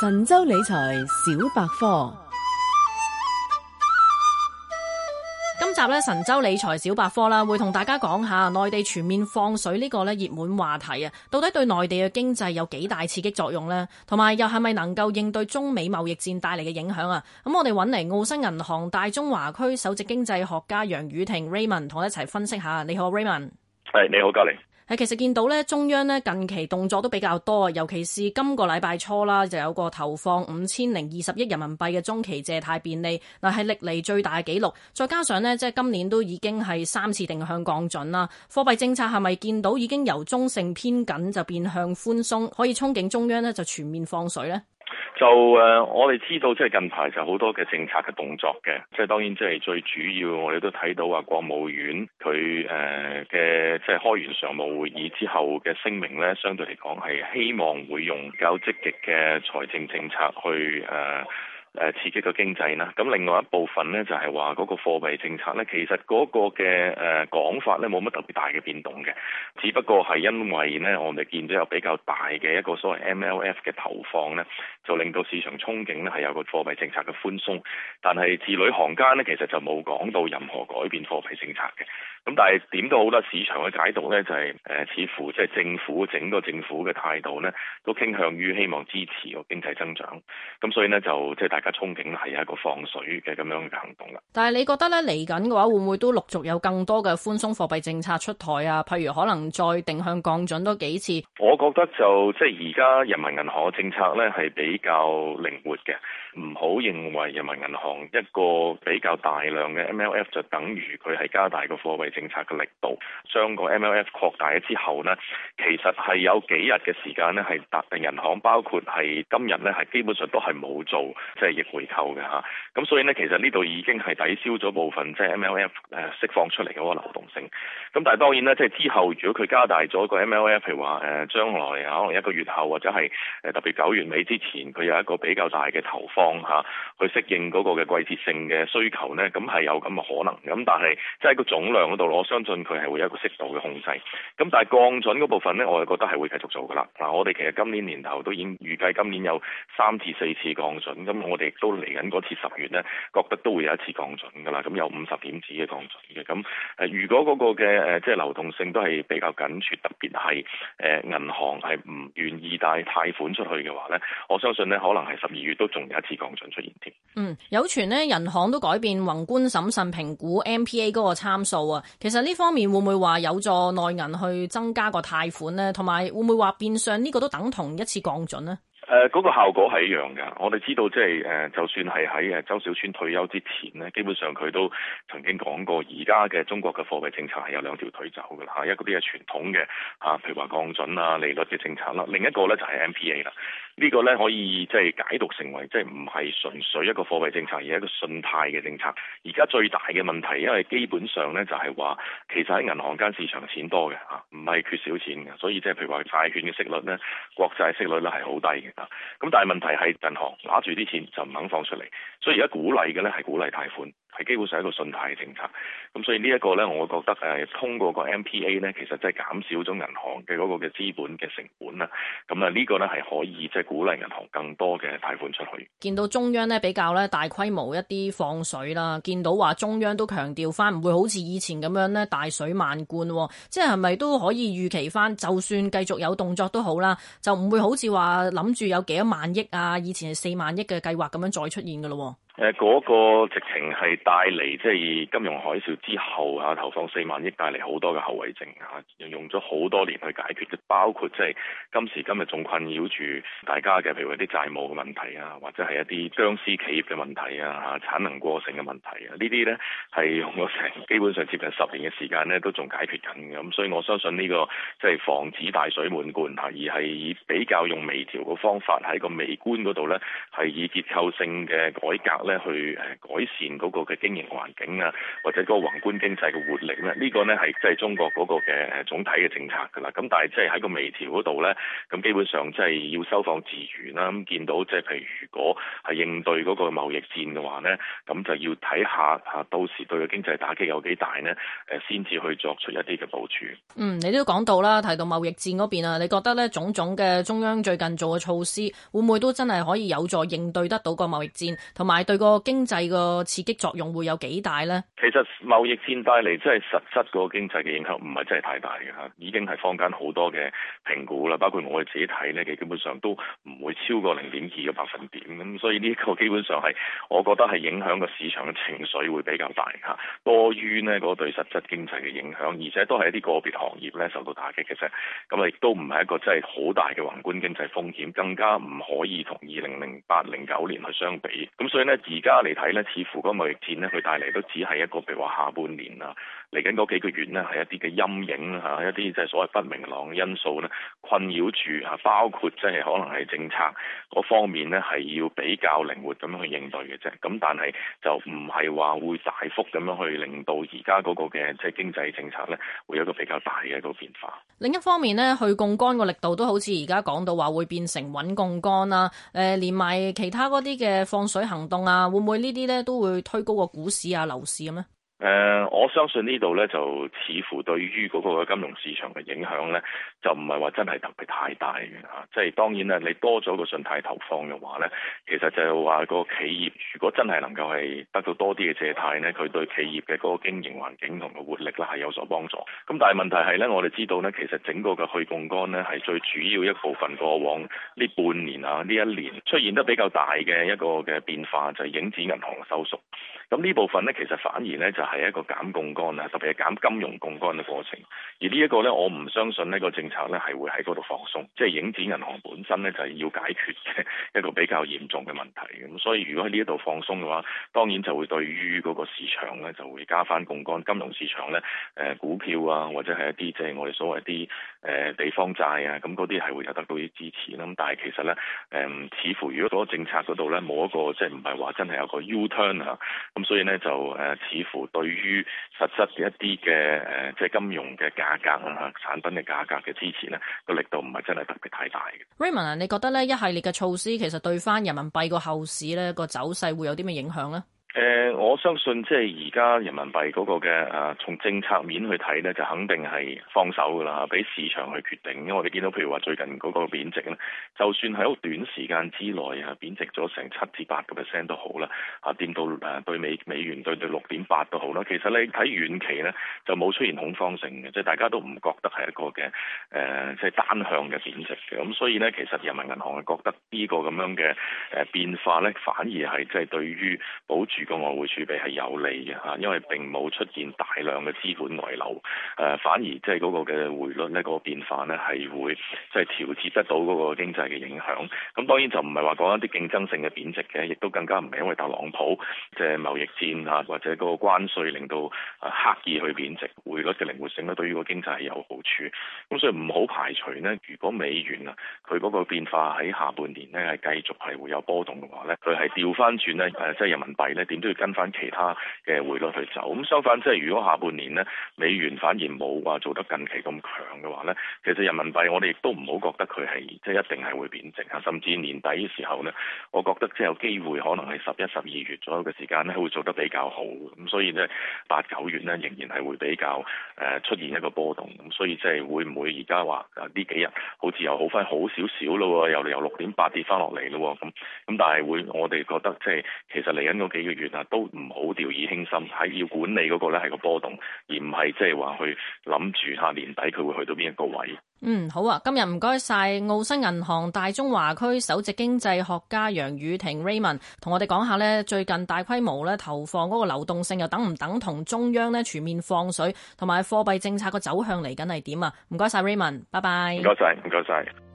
神州理財小，小百科，今集咧，神州理財小百科啦，會同大家講下內地全面放水呢個咧熱門話題啊，到底對內地嘅經濟有幾大刺激作用呢？同埋又係咪能夠應對中美貿易戰帶嚟嘅影響啊？咁我哋揾嚟澳新銀行大中華區首席經濟學家楊雨婷 Raymond 同我一齊分析下。你好 Raymond，係你好，嘉玲。係，其實見到咧，中央咧近期動作都比較多，尤其是今個禮拜初啦，就有個投放五千零二十億人民幣嘅中期借貸便利，嗱係歷嚟最大嘅紀錄。再加上咧，即係今年都已經係三次定向降準啦，貨幣政策係咪見到已經由中性偏緊就變向寬鬆，可以憧憬中央咧就全面放水呢？就誒、呃，我哋知道即係近排就好多嘅政策嘅動作嘅，即、就、係、是、當然即係最主要，我哋都睇到話國務院佢誒嘅即係開完常務會議之後嘅聲明咧，相對嚟講，係希望會用較積極嘅財政政策去誒。呃誒刺激個經濟啦，咁另外一部分呢，就係話嗰個貨幣政策呢，其實嗰個嘅誒、呃、講法呢，冇乜特別大嘅變動嘅，只不過係因為呢，我哋見到有比較大嘅一個所謂 MLF 嘅投放呢，就令到市場憧憬呢係有個貨幣政策嘅寬鬆，但係字裏行間呢，其實就冇講到任何改變貨幣政策嘅，咁但係點都好啦，市場嘅解讀呢，就係、是、誒、呃、似乎即係政府整個政府嘅態度呢，都傾向於希望支持個經濟增長，咁所以呢，就即係、就是、大。憧憬係一個放水嘅咁樣嘅行動啦。但係你覺得咧，嚟緊嘅話，會唔會都陸續有更多嘅寬鬆貨幣政策出台啊？譬如可能再定向降準多幾次。我覺得就即係而家人民銀行嘅政策咧，係比較靈活嘅。唔好認為人民銀行一個比較大量嘅 MLF 就等於佢係加大個貨幣政策嘅力度。將個 MLF 擴大咗之後呢，其實係有幾日嘅時間呢，係特定銀行，包括係今日呢，係基本上都係冇做即係逆回購嘅㗎。咁所以呢，其實呢度已經係抵消咗部分即係、就是、MLF 誒釋放出嚟嗰個流動性。咁但係當然咧，即係之後如果佢加大咗個 MLF，譬如話誒將來可能一個月後或者係特別九月尾之前，佢有一個比較大嘅投放。放下去適應嗰個嘅季節性嘅需求呢，咁係有咁嘅可能的。咁但係即係喺個總量嗰度，我相信佢係會有一個適度嘅控制。咁但係降準嗰部分呢，我就覺得係會繼續做噶啦。嗱，我哋其實今年年頭都已經預計今年有三至四次降準，咁我哋亦都嚟緊嗰次十月呢，覺得都會有一次降準噶啦。咁有五十點子嘅降準嘅。咁誒，如果嗰個嘅誒即係流動性都係比較緊缺，特別係誒銀行係唔願意貸貸款出去嘅話呢，我相信呢，可能係十二月都仲有一次降準出現添，嗯，有傳咧，人行都改變宏觀審慎評估 M P A 嗰個參數啊。其實呢方面會唔會話有助內銀去增加個貸款咧？同埋會唔會話變相呢個都等同一次降準咧？誒、呃，嗰、那個效果係一樣㗎。我哋知道，即係誒，就算係喺誒周小川退休之前咧，基本上佢都曾經講過，而家嘅中國嘅貨幣政策係有兩條腿走噶啦嚇，一個啲係傳統嘅嚇，譬如話降準啊、利率嘅政策啦，另一個咧就係 M P A 啦。呢個咧可以即係解讀成為即係唔係純粹一個貨幣政策，而係一個信貸嘅政策。而家最大嘅問題，因為基本上咧就係話，其實喺銀行間市場錢多嘅嚇，唔係缺少錢嘅，所以即係譬如話債券嘅息率咧，國債息率咧係好低嘅啊。咁但係問題係銀行揦住啲錢就唔肯放出嚟，所以而家鼓勵嘅咧係鼓勵貸款。係基本上係一個信貸嘅政策，咁所以呢一個咧，我覺得誒通過個 MPA 咧，其實即係減少咗銀行嘅嗰個嘅資本嘅成本啦，咁啊呢個咧係可以即係、就是、鼓勵銀行更多嘅貸款出去。見到中央咧比較咧大規模一啲放水啦，見到話中央都強調翻唔會好似以前咁樣咧大水漫灌，即係係咪都可以預期翻，就算繼續有動作都好啦，就唔會好似話諗住有幾多萬億啊，以前係四萬億嘅計劃咁樣再出現㗎咯。誒嗰個直情係帶嚟，即係金融海嘯之後啊，投放四萬億帶嚟好多嘅後遺症嚇，用咗好多年去解決，包括即係今時今日仲困擾住大家嘅，譬如話啲債務嘅問題啊，或者係一啲僵屍企業嘅問題啊嚇，產能過剩嘅問題啊，呢啲呢，係用咗成基本上接近十年嘅時間呢都仲解決緊嘅。咁所以我相信呢個即係防止大水漫灌，而係以比較用微調嘅方法喺個微觀嗰度呢，係以結構性嘅改革。咧去改善嗰個嘅經營環境啊，或者嗰個宏觀經濟嘅活力咧，呢個呢，係即係中國嗰個嘅總體嘅政策噶啦。咁但係即係喺個微調嗰度呢，咁基本上即係要收放自如啦。咁見到即係譬如如果係應對嗰個貿易戰嘅話呢，咁就要睇下嚇到時對個經濟打擊有幾大呢？誒先至去作出一啲嘅部署。嗯，你都講到啦，提到貿易戰嗰邊啊，你覺得呢種種嘅中央最近做嘅措施，會唔會都真係可以有助應對得到個貿易戰，同埋對。個經濟個刺激作用會有幾大呢？其實貿易戰帶嚟，真係實質個經濟嘅影響唔係真係太大嘅，吓，已經係坊間好多嘅評估啦。包括我自己睇呢，基本上都唔會超過零點二個百分點咁，所以呢個基本上係我覺得係影響個市場嘅情緒會比較大，吓，多於呢個對實質經濟嘅影響，而且都係一啲個別行業咧，受到打擊嘅啫。咁啊，亦都唔係一個真係好大嘅宏觀經濟風險，更加唔可以同二零零八、零九年去相比。咁所以呢。而家嚟睇咧，似乎嗰個貿易戰咧，佢帶嚟都只係一個，譬如話下半年啦。嚟緊嗰幾個月呢，係一啲嘅陰影，一啲即係所謂不明朗嘅因素咧，困擾住包括即係可能係政策嗰方面呢係要比較靈活咁樣去應對嘅啫。咁但係就唔係話會大幅咁樣去令到而家嗰個嘅即係經濟政策呢會有一個比較大嘅一個變化。另一方面呢，去槓桿個力度都好似而家講到話會變成穩槓桿啦。誒、呃，連埋其他嗰啲嘅放水行動啊，會唔會呢啲呢都會推高個股市啊、樓市咁呢？誒、呃，我相信呢度呢，就似乎對於嗰個金融市場嘅影響呢，就唔係話真係特別太大嘅吓。即係當然啦，你多咗個信貸投放嘅話呢，其實就係話個企業如果真係能夠係得到多啲嘅借貸呢，佢對企業嘅嗰個經營環境同個活力呢係有所幫助。咁但係問題係呢，我哋知道呢，其實整個嘅去槓桿呢係最主要一部分。過往呢半年啊，呢一年出現得比較大嘅一個嘅變化，就係、是、影子銀行嘅收縮。咁呢部分呢，其實反而呢就係一個減槓桿啊，特別係減金融槓桿嘅過程。而呢一個呢，我唔相信呢個政策呢係會喺嗰度放鬆，即、就、係、是、影子銀行本身呢就係要解決嘅一個比較嚴重嘅問題。咁所以如果喺呢一度放鬆嘅話，當然就會對於嗰個市場呢就會加翻槓桿，金融市場呢，股票啊，或者係一啲即係我哋所謂啲地方債啊，咁嗰啲係會有得到啲支持啦。咁但係其實呢，誒、呃，似乎如果嗰個政策嗰度呢冇一個即係唔係話真係有個 U turn 啊？咁所以咧就誒，似乎對於實質一啲嘅誒，即係金融嘅價格啊，產品嘅價格嘅支持咧，個力度唔係真係特別太大嘅。Raymond 啊，你覺得咧一系列嘅措施其實對翻人民幣個後市咧個走勢會有啲咩影響咧？呃、我相信即係而家人民幣嗰個嘅、啊、從政策面去睇咧，就肯定係放手㗎啦，俾市場去決定。因為我哋見到，譬如話最近嗰個貶值咧，就算喺好短時間之內啊貶值咗成七至八個 percent 都好啦，啊跌到誒、啊、對美美元兌對六點八都好啦。其實你睇遠期咧，就冇出現恐慌性嘅，即係大家都唔覺得係一個嘅即係單向嘅貶值嘅。咁所以咧，其實人民銀行係覺得呢個咁樣嘅誒變化咧，反而係即係對於保住個外匯儲備係有利嘅嚇，因為並冇出現大量嘅資本外流，誒反而即係嗰個嘅匯率呢個變化呢，係會即係調節得到嗰個經濟嘅影響。咁當然就唔係話講一啲競爭性嘅貶值嘅，亦都更加唔係因為特朗普即係貿易戰啊或者個關稅令到啊刻意去貶值，匯率嘅靈活性咧對於個經濟係有好處。咁所以唔好排除呢，如果美元啊佢嗰個變化喺下半年呢係繼續係會有波動嘅話呢，佢係掉返轉呢，誒，即係人民幣呢都要跟翻其他嘅匯率去走。咁相反，即係如果下半年呢，美元反而冇話做得近期咁強嘅話呢，其實人民幣我哋亦都唔好覺得佢係即係一定係會貶值嚇。甚至年底嘅時候呢，我覺得即係有機會可能係十一、十二月左右嘅時間呢，會做得比較好。咁所以呢，八九月呢仍然係會比較誒出現一個波動。咁所以即係會唔會而家話呢幾日好似又好翻好少少咯，又由六點八跌翻落嚟咯咁咁，但係會我哋覺得即係其實嚟緊嗰幾個月。嗱，都唔好掉以輕心，喺要管理嗰個咧係個波動，而唔係即係話去諗住下年底佢會去到邊一個位。嗯，好啊，今日唔該晒澳新銀行大中華區首席經濟學家楊宇霆 Raymond 同我哋講下呢最近大規模咧投放嗰個流動性又等唔等同中央咧全面放水，同埋貨幣政策個走向嚟緊係點啊？唔該晒 Raymond，拜拜。唔該晒。唔該晒。